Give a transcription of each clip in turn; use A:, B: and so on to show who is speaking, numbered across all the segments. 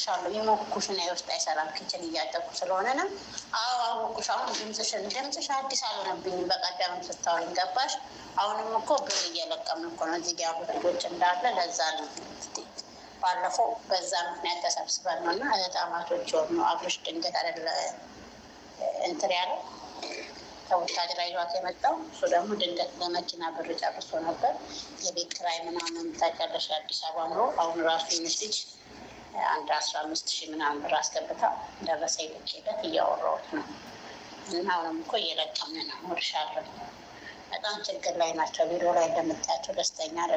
A: ጨርሻለሁ። የሞኩሽ ነው የውስጥ አይሰራም ክችን እያጠቁ ስለሆነ ነው። አዎ አወኩሽ። አሁን ድምፅሽን ድምፅሽ አዲስ አልሆነብኝም። በቀደምም ስታወሪኝ ገባሽ። አሁንም እኮ ብር እየለቀምን እኮ ነው እዚህ ጋ ልጆች እንዳለ ለዛ ነው ባለፈው በዛ ምክንያት ተሰብስበን ነው እና ህጣማቶች ሆኑ አብሮሽ ድንገት አደለ እንትን ያለው ከወታደራዊ ይዟት የመጣው እሱ ደግሞ ድንገት ለመኪና ብር ጨርሶ ነበር። የቤት ክራይ ምናምን ታውቂያለሽ፣ አዲስ አበባ ኑሮ። አሁን ራሱ ይመስልሽ አንድ አስራ አምስት ሺህ ምናምን ብር አስገብታ ደረሰ ልኬለት እያወራሁት ነው። እና አሁንም እኮ እየለቀመ ነው። ወርሻለሁ በጣም ችግር ላይ ናቸው። ቢሮ ላይ እንደምታያቸው ደስተኛ አለ።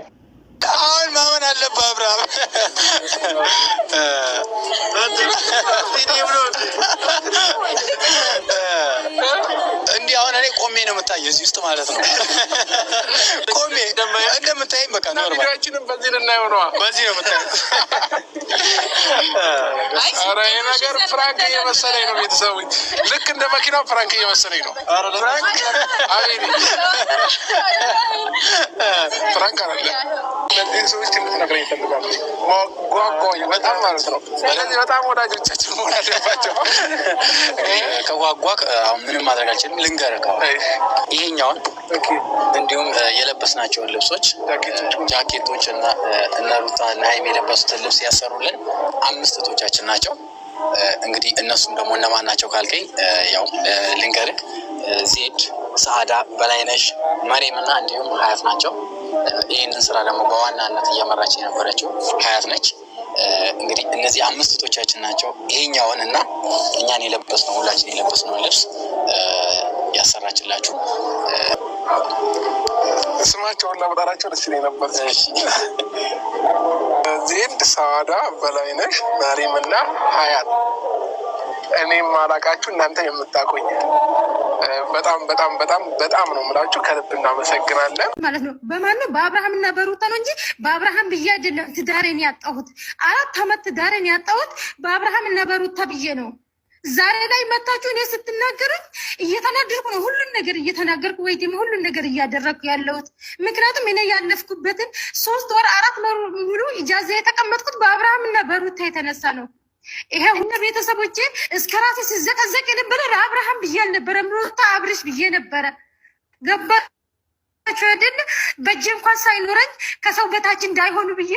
B: አሁን ማመን አለብህ አብርሃም እንዲህ አሁን እኔ ቆሜ ነው የምታየው እዚህ ውስጥ ማለት ነው። ቆሜ እንደምታየኝ በቃ ኖርማል በዚህ ነው የምታየው ኧረ ይሄ ነገር ፍራንክ እየመሰለኝ ነው። ቤተሰቡ ልክ እንደ መኪናው ፍራንክ እየመሰለኝ ነው። ፍራንክ አለ እነዚህ ሰዎች እንድትነግረኝ ይፈልጋሉ። ጓጓኝ በጣም ማለት ነው። ስለዚህ በጣም ወዳጆቻችን መሆን አለባቸው። ከጓጓ ምንም ማድረግ አልችልም። ልንገርህ ይሄኛውን እንዲሁም የለበስናቸውን ልብሶች ጃኬቶች እና እነ ሩታ እና ሀይሚ የለበሱትን ልብስ ያሰሩልን አምስት እህቶቻችን ናቸው። እንግዲህ እነሱም ደግሞ እነማን ናቸው ካልከኝ ያው ልንገርህ፣ ዜድ ሰአዳ፣ በላይነሽ፣ መሬም እና እንዲሁም ሀያት ናቸው። ይህንን ስራ ደግሞ በዋናነት እየመራች የነበረችው ሀያት ነች። እንግዲህ እነዚህ አምስት እህቶቻችን ናቸው ይሄኛውን እና እኛን የለበስነው ሁላችን የለበስነውን ልብስ ያሰራችላችሁ። ስማቸውን ለመጣራቸው ደስ ይለኝ ነበር። ዜድ ሳዋዳ፣ በላይነሽ፣ መሪም እና ሀያት እኔ ማላቃችሁ እናንተ የምታቆኝ በጣም በጣም በጣም በጣም ነው የምላችሁ። ከልብ እናመሰግናለን ማለት ነው። በማን ነው? በአብርሃም እና በሩታ ነው እንጂ በአብርሃም ብዬ አይደለም ትዳሬን ያጣሁት። አራት አመት ትዳሬን ያጣሁት በአብርሃም እና በሩታ ብዬ ነው። ዛሬ ላይ መታችሁ እኔ ስትናገሩኝ እየተናደርኩ ነው። ሁሉን ነገር እየተናገርኩ ወይ ደግሞ ሁሉን ነገር እያደረግኩ ያለሁት ምክንያቱም እኔ ያለፍኩበትን ሶስት ወር አራት ሙሉ ኢጃዛ የተቀመጥኩት በአብርሃም እና በሩታ የተነሳ ነው። ይሄ ሁነ ቤተሰቦቼ እስከ ራሴ ሲዘቀዘቅ የነበረ ለአብርሃም ብዬ አልነበረም፣ ሩታ አብርሽ ብዬ ነበረ። ገባ አይደል? በእጄ እንኳን ሳይኖረኝ ከሰው በታች እንዳይሆኑ ብዬ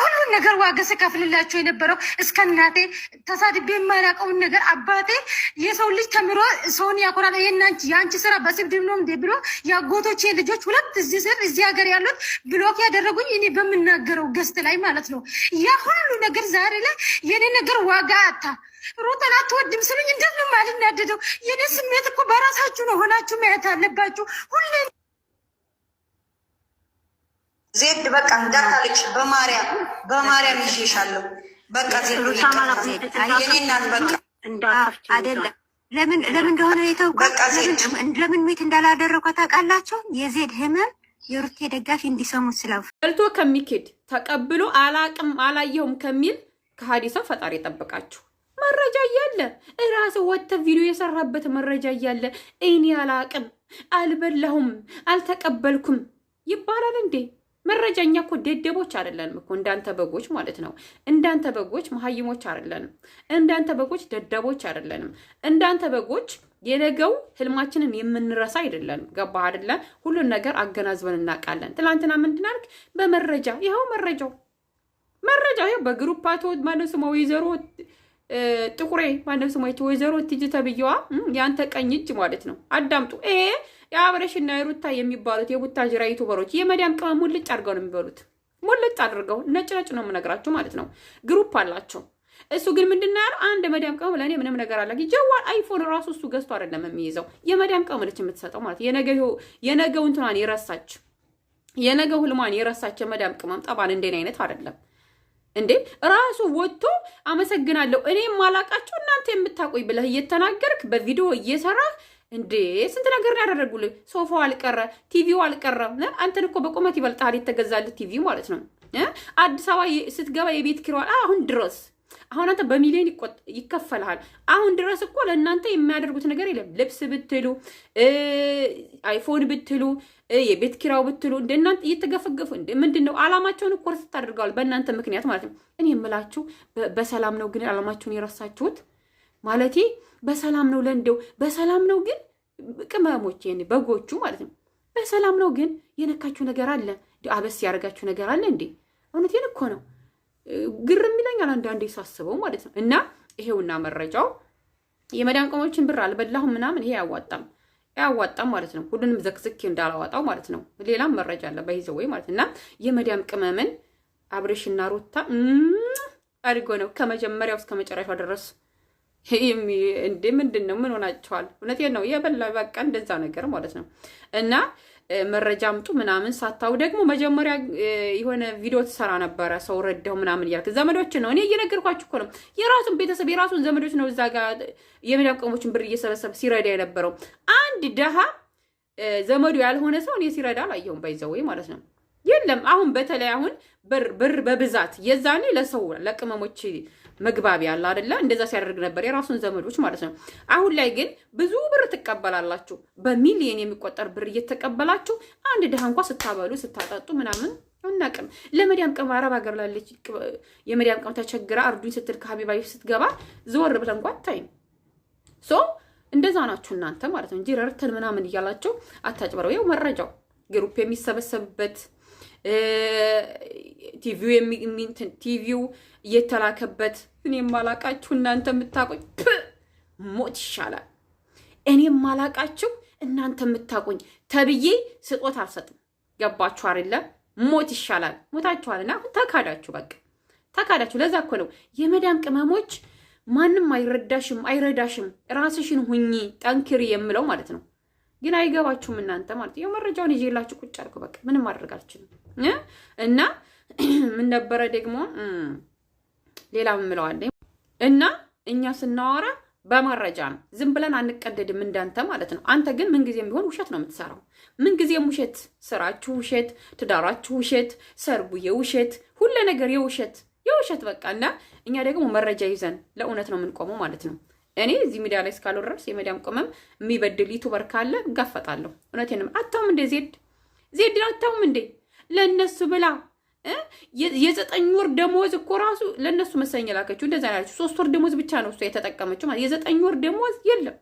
B: ሁሉን ነገር ዋጋ ስከፍልላቸው የነበረው እስከ እናቴ ተሳድቤ የማላውቀውን ነገር አባቴ የሰው ልጅ ተምሮ ሰውን ያኮራል። ይህናንቺ የአንቺ ስራ በስብድ ነው እንዴ ብሎ የአጎቶቼ ልጆች ሁለት እዚህ ስር እዚህ ሀገር ያሉት ብሎክ ያደረጉኝ እኔ በምናገረው ገስት ላይ ማለት ነው። ያ ሁሉ ነገር ዛሬ ላይ የኔ ነገር ዋጋ አታ ሩጠን አትወድም ስሉኝ እንደምንም አልናደደው። የኔ ስሜት እኮ በራሳችሁ ነው ሆናችሁ ማየት አለባችሁ ሁሌ ዜድ በቃ እንዳታለቅሽ፣ በማርያም በማርያም ይዤሻለሁ። በቃ ዜድ በቃ አይደለም። ለምን ለምን እንደሆነ የተውኩት ለምን ሚት እንዳላደረግኩ ታውቃላችሁ? የዜድ ህመም የሩቴ ደጋፊ እንዲሰሙ ስለው በልቶ ከሚኬድ ተቀብሎ አላቅም አላየሁም ከሚል ከሀዲ ሰው ፈጣሪ ጠብቃችሁ። መረጃ እያለ እራስ ወጥተ ቪዲዮ የሰራበት መረጃ እያለ እኔ አላቅም፣ አልበላሁም፣ አልተቀበልኩም ይባላል እንዴ? መረጃ እኛ እኮ ደደቦች አይደለንም እኮ እንዳንተ በጎች ማለት ነው። እንዳንተ በጎች መሀይሞች አይደለንም። እንዳንተ በጎች ደደቦች አይደለንም። እንዳንተ በጎች የነገው ህልማችንን የምንረሳ አይደለንም። ገባ አይደለ? ሁሉን ነገር አገናዝበን እናውቃለን። ትላንትና ምንድን አልክ? በመረጃ ይኸው መረጃው መረጃው ይኸው በግሩፓቶ ማለት ማነው ወይዘሮ ጥቁሬ ማንም ስማች ወይዘሮ እትዬ ተብዬዋ ያንተ ቀኝ እጅ ማለት ነው። አዳምጡ። ይሄ የአብረሽና የሩታ የሚባሉት የቡታ የቡታጅራ ዩቱበሮች የመዲያም ቅመም ሙልጭ አድርገው ነው የሚበሉት። ሙልጭ አድርገው ነጭ ነጭ ነው የምነግራቸው ማለት ነው። ግሩፕ አላቸው። እሱ ግን ምንድን ነው ያለው? አንድ መዳም ቅመም ለእኔ ምንም ነገር አለ። ጀዋል አይፎን ራሱ እሱ ገዝቶ አይደለም የሚይዘው የመዲያም ቅመም ነች የምትሰጠው ማለት የነገው እንትኗን የረሳች የነገው ህልሟን የረሳች የመዳም ቅመም ጠባን እንደኔ አይነት አይደለም። እንዴ ራሱ ወጥቶ አመሰግናለሁ እኔ ማላቃቸው እናንተ የምታቆይ ብለህ እየተናገርክ በቪዲዮ እየሰራህ እንዴ ስንት ነገር ነው ያደረጉልህ። ሶፋው አልቀረ፣ ቲቪው አልቀረ። አንተን እኮ በቁመት ይበልጣል የተገዛልህ ቲቪ ማለት ነው። አዲስ አበባ ስትገባ የቤት ኪራይ አሁን ድረስ አሁን አንተ በሚሊዮን ይከፈልሃል። አሁን ድረስ እኮ ለእናንተ የሚያደርጉት ነገር የለም። ልብስ ብትሉ፣ አይፎን ብትሉ፣ የቤት ኪራው ብትሉ እንደናንተ እየተገፈገፉ ምንድን ነው አላማቸውን እኮ ርስ ታደርገዋል። በእናንተ ምክንያት ማለት ነው። እኔ የምላችሁ በሰላም ነው፣ ግን አላማቸውን የረሳችሁት ማለት በሰላም ነው። ለእንደው በሰላም ነው ግን ቅመሞች በጎቹ ማለት ነው በሰላም ነው ግን የነካችሁ ነገር አለ፣ አበስ ያደርጋችሁ ነገር አለ እንዴ? እውነቴን እኮ ነው። ግርም ይለኛል አንዳንዴ ሳስበው ማለት ነው። እና ይሄውና መረጃው የመዳን ቅመሞችን ብር አልበላሁም ምናምን ይሄ አያዋጣም አያዋጣም ማለት ነው። ሁሉንም ዘክዝኬ እንዳላዋጣው ማለት ነው። ሌላም መረጃ አለ በይዘው ወይ ማለት እና የመዳም ቅመምን አብሬሽና ሩታ አድጎ ነው ከመጀመሪያው እስከ መጨረሻው ድረስ እንዴ ምንድን ነው? ምን ሆናቸዋል? እውነቴን ነው የበላ በቃ እንደዛ ነገር ማለት ነው እና መረጃ አምጡ ምናምን ሳታው ደግሞ መጀመሪያ የሆነ ቪዲዮ ትሰራ ነበረ ሰው ረዳው ምናምን እያልክ ዘመዶችን ነው እኔ እየነገርኳችሁ እኮ ነው። የራሱን ቤተሰብ የራሱን ዘመዶች ነው እዛ ጋር የመዳም ቅመሞችን ብር እየሰበሰብ ሲረዳ የነበረው አንድ ደሃ ዘመዱ ያልሆነ ሰው እኔ ሲረዳ አላየሁም። ባይዘወይ ማለት ነው የለም። አሁን በተለይ አሁን ብር በብዛት የዛኔ ለሰው ለቅመሞች መግባቢያ አለ አደለ? እንደዛ ሲያደርግ ነበር የራሱን ዘመዶች ማለት ነው። አሁን ላይ ግን ብዙ ብር ትቀበላላችሁ፣ በሚሊየን የሚቆጠር ብር እየተቀበላችሁ አንድ ድሃ እንኳ ስታበሉ ስታጠጡ ምናምን አናቅም። ለመዲያም ቅም አረብ ሀገር ላለች የመዲያም ቅም ተቸግራ እርዱኝ ስትል ከሀቢባ ስትገባ ዘወር ብለ እንኳ አታይም። ሶ እንደዛ ናችሁ እናንተ ማለት ነው እንጂ ረርተን ምናምን እያላችሁ አታጭበረው። ይኸው መረጃው ግሩፕ የሚሰበሰብበት ቲቪው እየተላከበት እኔ ማላቃችሁ እናንተ የምታቆኝ ሞት ይሻላል። እኔ ማላቃችሁ እናንተ የምታቆኝ ተብዬ ስጦት አልሰጥም። ገባችሁ አይደለም? ሞት ይሻላል። ሞታችኋልና አሁን ተካዳችሁ፣ በቃ ተካዳችሁ። ለዛ እኮ ነው የመዳም ቅመሞች ማንም አይረዳሽም አይረዳሽም ራስሽን ሁኚ ጠንክሪ የምለው ማለት ነው። ግን አይገባችሁም እናንተ ማለት ይኸው መረጃውን ይዤላችሁ ቁጭ አድርገው በቃ ምንም ማድረግ አልችልም። እና ምን ነበረ ደግሞ ሌላ ምምለዋለኝ እና እኛ ስናወራ በመረጃ ነው። ዝም ብለን አንቀደድም እንዳንተ ማለት ነው። አንተ ግን ምንጊዜም ቢሆን ውሸት ነው የምትሰራው። ምንጊዜም ውሸት፣ ስራችሁ ውሸት፣ ትዳራችሁ ውሸት፣ ሰርጉ የውሸት፣ ሁለ ነገር የውሸት የውሸት በቃ እና እኛ ደግሞ መረጃ ይዘን ለእውነት ነው የምንቆመው ማለት ነው። እኔ እዚህ ሚዲያ ላይ እስካለው ድረስ የመዳም ቅመም የሚበድል ዩቱበር ካለ እጋፈጣለሁ። እውነቴንም አታውም እንዴ ዜድ ዜድ አታውም እንዴ ለእነሱ ብላ የዘጠኝ ወር ደሞዝ እኮ ራሱ ለእነሱ መሰለኝ የላከችው እንደዛ ያለች ሶስት ወር ደሞዝ ብቻ ነው እሷ የተጠቀመችው። ማለት የዘጠኝ ወር ደሞዝ የለም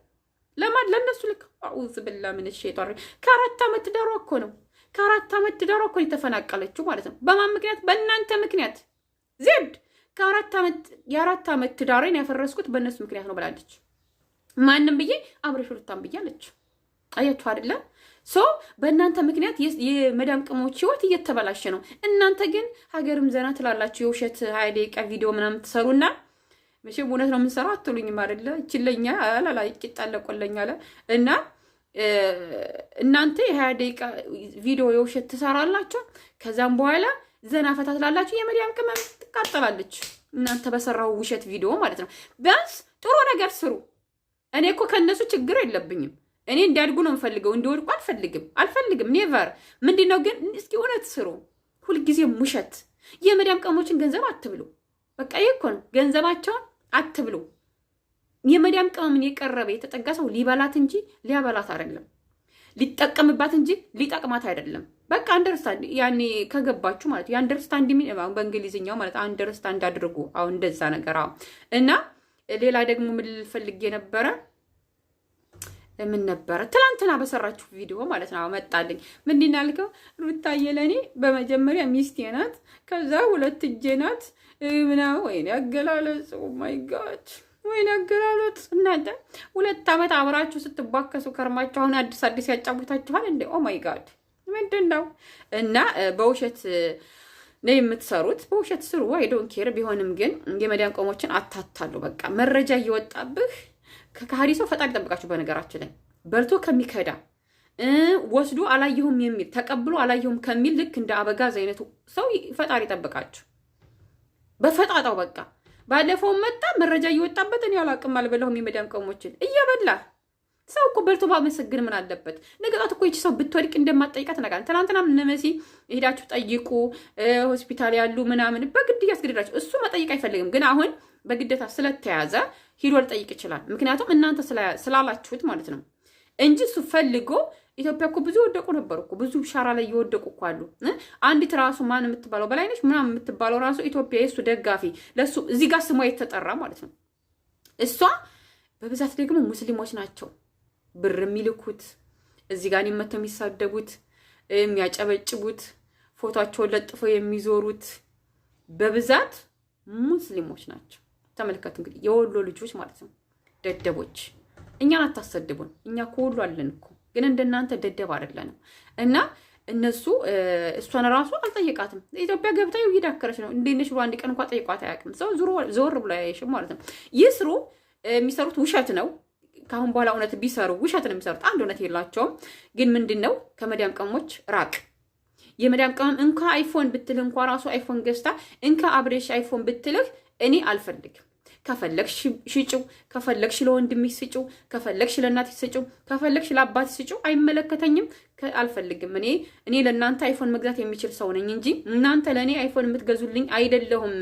B: ለማን ለእነሱ ልክ አዑዝ ብላ ምን ሸጧር ከአራት ዓመት ትዳሯ እኮ ነው ከአራት ዓመት ትዳሯ እኮ የተፈናቀለችው ማለት ነው። በማን ምክንያት? በእናንተ ምክንያት ዜድ የአራት ዓመት ትዳሬን ያፈረስኩት በእነሱ ምክንያት ነው ብላለች። ማንም ብዬ አብረሽ ሩታን አለች። አያችሁ አይደለም? ሶ በእናንተ ምክንያት የመዳም ቅሞች ህይወት እየተበላሸ ነው። እናንተ ግን ሀገርም ዘና ትላላችሁ። የውሸት ሀይሌ ቀ ቪዲዮ ምናምን ትሰሩና መቼም እውነት ነው የምንሰራው አትሉኝም አይደለ? ይችለኛ አላላ ይጣለቆለኝ አለ እና እናንተ የሀያ ደቂቃ ቪዲዮ የውሸት ትሰራላችሁ። ከዛም በኋላ ዘና ፈታ ትላላችሁ። የመዲያም ቅመም ትቃጠላለች። እናንተ በሰራው ውሸት ቪዲዮ ማለት ነው። ቢያንስ ጥሩ ነገር ስሩ። እኔ እኮ ከእነሱ ችግር የለብኝም። እኔ እንዲያድጉ ነው የምፈልገው፣ እንዲወድቁ አልፈልግም አልፈልግም። ኔቨር ምንድን ነው ግን እስኪ እውነት ስሩ፣ ሁልጊዜም ውሸት። የመዲያም ቅመሞችን ገንዘብ አትብሉ። በቃ ይህ እኮ ነው። ገንዘባቸውን አትብሉ። የመዲያም ቅመምን የቀረበ የተጠጋ ሰው ሊበላት እንጂ ሊያበላት አይደለም፣ ሊጠቀምባት እንጂ ሊጠቅማት አይደለም። በቃ አንደርስታንድ ያኔ ከገባችሁ ማለት የአንደርስታንድ ሚ በእንግሊዝኛው ማለት አንደርስታንድ አድርጉ። አሁን እንደዛ ነገር አሁ እና ሌላ ደግሞ ምን ልፈልግ የነበረ ምን ነበረ ትላንትና በሰራችሁ ቪዲዮ ማለት ነው መጣልኝ። ምንድን ያልከው ሩታዬ፣ ለእኔ በመጀመሪያ ሚስቴ ናት፣ ከዛ ሁለት እጄ ናት ምናምን። ወይኔ አገላለጽ! ማይ oh ጋድ! ወይኔ አገላለጽ! እናንተ ሁለት ዓመት አብራችሁ ስትባከሱ ከርማችሁ አሁን አዲስ አዲስ ያጫውታችኋል እንዴ! ኦ ማይ ጋድ! ምንድን ነው እና በውሸት ነው የምትሰሩት። በውሸት ስሩ አይ ዶንት ኬር። ቢሆንም ግን የመዳን ቆሞችን አታታሉ። በቃ መረጃ እየወጣብህ ከካሃዲ ሰው ፈጣሪ ጠብቃችሁ። በነገራችን ላይ በልቶ ከሚከዳ ወስዶ አላየሁም የሚል ተቀብሎ አላየሁም ከሚል ልክ እንደ አበጋዝ አይነቱ ሰው ፈጣሪ ጠብቃችሁ። በፈጣጣው በቃ ባለፈው መጣ መረጃ እየወጣበት እኔ አላቅም አልበላሁም የመዳን ቆሞችን እየበላ ሰው እኮ በልቶ ባመሰግን ምን አለበት? ነገ እኮ ይቺ ሰው ብትወድቅ እንደማትጠይቃት ነቃል። ትናንትና ነመሲ ሄዳችሁ ጠይቁ ሆስፒታል ያሉ ምናምን በግድ እያስገደዳችሁ እሱ መጠይቅ አይፈልግም፣ ግን አሁን በግደታ ስለተያዘ ሂዶ ልጠይቅ ይችላል። ምክንያቱም እናንተ ስላላችሁት ማለት ነው እንጂ እሱ ፈልጎ ኢትዮጵያ እኮ ብዙ የወደቁ ነበር እኮ ብዙ ሻራ ላይ እየወደቁ እኮ አሉ። አንዲት ራሱ ማን የምትባለው በላይነች ምናምን የምትባለው ራሱ ኢትዮጵያ የእሱ ደጋፊ ለሱ እዚህ ጋር ስሟ የተጠራ ማለት ነው። እሷ በብዛት ደግሞ ሙስሊሞች ናቸው ብር የሚልኩት እዚህ ጋር እኔን መተው የሚሳደቡት የሚያጨበጭቡት ፎቶቸውን ለጥፈው የሚዞሩት በብዛት ሙስሊሞች ናቸው። ተመልከቱ እንግዲህ የወሎ ልጆች ማለት ነው። ደደቦች እኛን አታሰድቡን። እኛ ከወሎ አለን እኮ ግን እንደናንተ ደደብ አይደለንም። እና እነሱ እሷን ራሱ አልጠየቃትም። ኢትዮጵያ ገብታ እየዳከረች ነው። እንዴት ነሽ ብሎ አንድ ቀን እንኳ ጠይቋት አያውቅም። ሰው ዞር ብሎ አያይሽም ማለት ነው። ይህ ስሩ የሚሰሩት ውሸት ነው። ከአሁን በኋላ እውነት ቢሰሩ ውሸት ነው የሚሰሩት። አንድ እውነት የላቸውም። ግን ምንድን ነው ከመዳም ቅመሞች ራቅ። የመዳም ቅመም እንኳ አይፎን ብትልህ እንኳ ራሱ አይፎን ገዝታ እንካ አብሬሽ አይፎን ብትልህ እኔ አልፈልግም። ከፈለግሽ ሽጭው፣ ከፈለግሽ ለወንድምሽ ስጭው፣ ከፈለግሽ ለእናት ስጭው፣ ከፈለግሽ ለአባት ስጭው። አይመለከተኝም፣ አልፈልግም። እኔ እኔ ለእናንተ አይፎን መግዛት የሚችል ሰው ነኝ እንጂ እናንተ ለእኔ አይፎን የምትገዙልኝ አይደለሁም።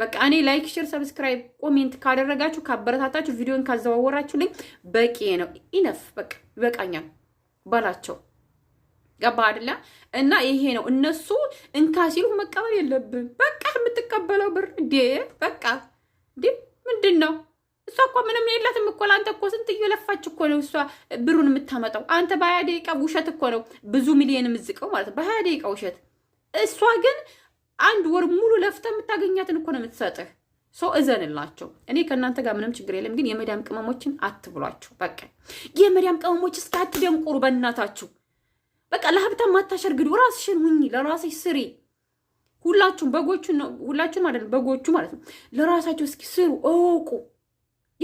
B: በቃ እኔ ላይክ፣ ሼር፣ ሰብስክራይብ፣ ኮሜንት ካደረጋችሁ ካበረታታችሁ፣ ቪዲዮን ካዘዋወራችሁልኝ በቂ ነው። ኢነፍ በቃ ይበቃኛል በላቸው። ገባ አይደለ? እና ይሄ ነው እነሱ እንካ ሲሉ መቀበል የለብን። በቃ የምትቀበለው ብር እንዴ በቃ እንዴ ምንድን ነው? እሷ እኮ ምንም የላትም እኮ ለአንተ እኮ ስንት እየለፋች እኮ ነው እሷ ብሩን የምታመጣው። አንተ በሀያ ደቂቃ ውሸት እኮ ነው ብዙ ሚሊዮን የምዝቀው ማለት ነው፣ በሀያ ደቂቃ ውሸት። እሷ ግን አንድ ወር ሙሉ ለፍተ የምታገኛትን እኮ ነው የምትሰጥህ። ሰው እዘንላቸው። እኔ ከእናንተ ጋር ምንም ችግር የለም፣ ግን የመዳም ቅመሞችን አትብሏቸው። በቃ የመዳም ቅመሞች እስከ አትደንቁሩ፣ በእናታችሁ በቃ ለሀብታም አታሸርግዱ። ራስሽን ሁኚ፣ ለራስሽ ስሪ። ሁላችሁም በጎቹ ሁላችሁም አይደለም በጎቹ ማለት ነው። ለራሳቸው እስኪ ስሩ፣ እወቁ፣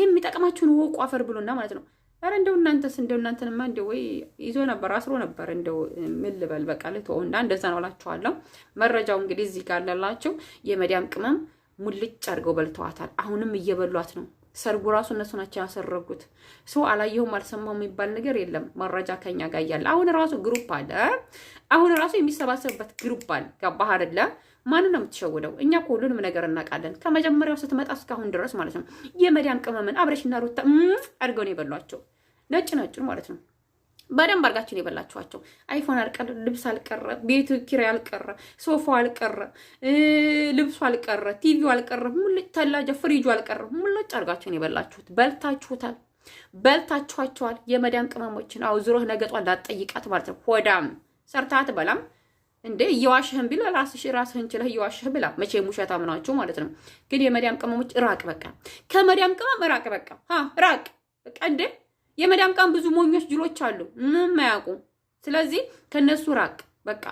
B: የሚጠቅማችሁን እወቁ። አፈር ብሎና ማለት ነው አረ እንደው እናንተስ እንደው እናንተንማ እንደው ወይ ይዞ ነበር አስሮ ነበር። እንደው ምን ልበል በቃ ልትሆንና እንደዛ ነው እላችኋለሁ። መረጃው እንግዲህ እዚህ ጋር ያለላችሁ የመዳም ቅመም ሙልጭ አድርገው በልተዋታል። አሁንም እየበሏት ነው። ሰርጉ ራሱ እነሱ ናቸው ያሰረጉት። ሰው አላየሁም አልሰማሁም የሚባል ነገር የለም። መረጃ ከኛ ጋር እያለ አሁን ራሱ ግሩፕ አለ። አሁን ራሱ የሚሰባሰብበት ግሩፕ አለ። ገባህ አይደለ? ማንን ነው የምትሸውደው? እኛ እኮ ሁሉንም ነገር እናውቃለን። ከመጀመሪያው ስትመጣ እስካሁን ድረስ ማለት ነው። የመዲያም ቅመምን አብረሽና ሩታ አድርገው ነው የበሏቸው። ነጭ ነጩን ማለት ነው። በደንብ ነው የበላችኋቸው አይፎን አልቀረ፣ ልብስ አልቀረ፣ ቤት ኪራይ አልቀረ፣ ሶፋ አልቀረ፣ ልብሱ አልቀረ፣ ቲቪው አልቀረ፣ ሙልጭ ተላጃ ፍሪጁ አልቀረ። ሙልጭ ነው የበላችሁት በልታችሁታል፣ በልታችኋቸዋል። የመዳን ቅመሞችን አው ዝሮህ ነገጧ ላትጠይቃት ማለት ነው። ሆዳም ሰርታት በላም እንዴ እየዋሽህን ቢላ ራስሽ ራስህን ችለህ እየዋሽህ ብላ። መቼም ውሸታም ናችሁ ማለት ነው። ግን የመዳም ቅመሞች ራቅ፣ በቃ ከመዳም ቅመም ራቅ፣ በቃ ራቅ፣ በቃ እንዴ የመዳም ቃም ብዙ ሞኞች ጅሎች አሉ ምንም አያውቁ። ስለዚህ ከነሱ ራቅ በቃ።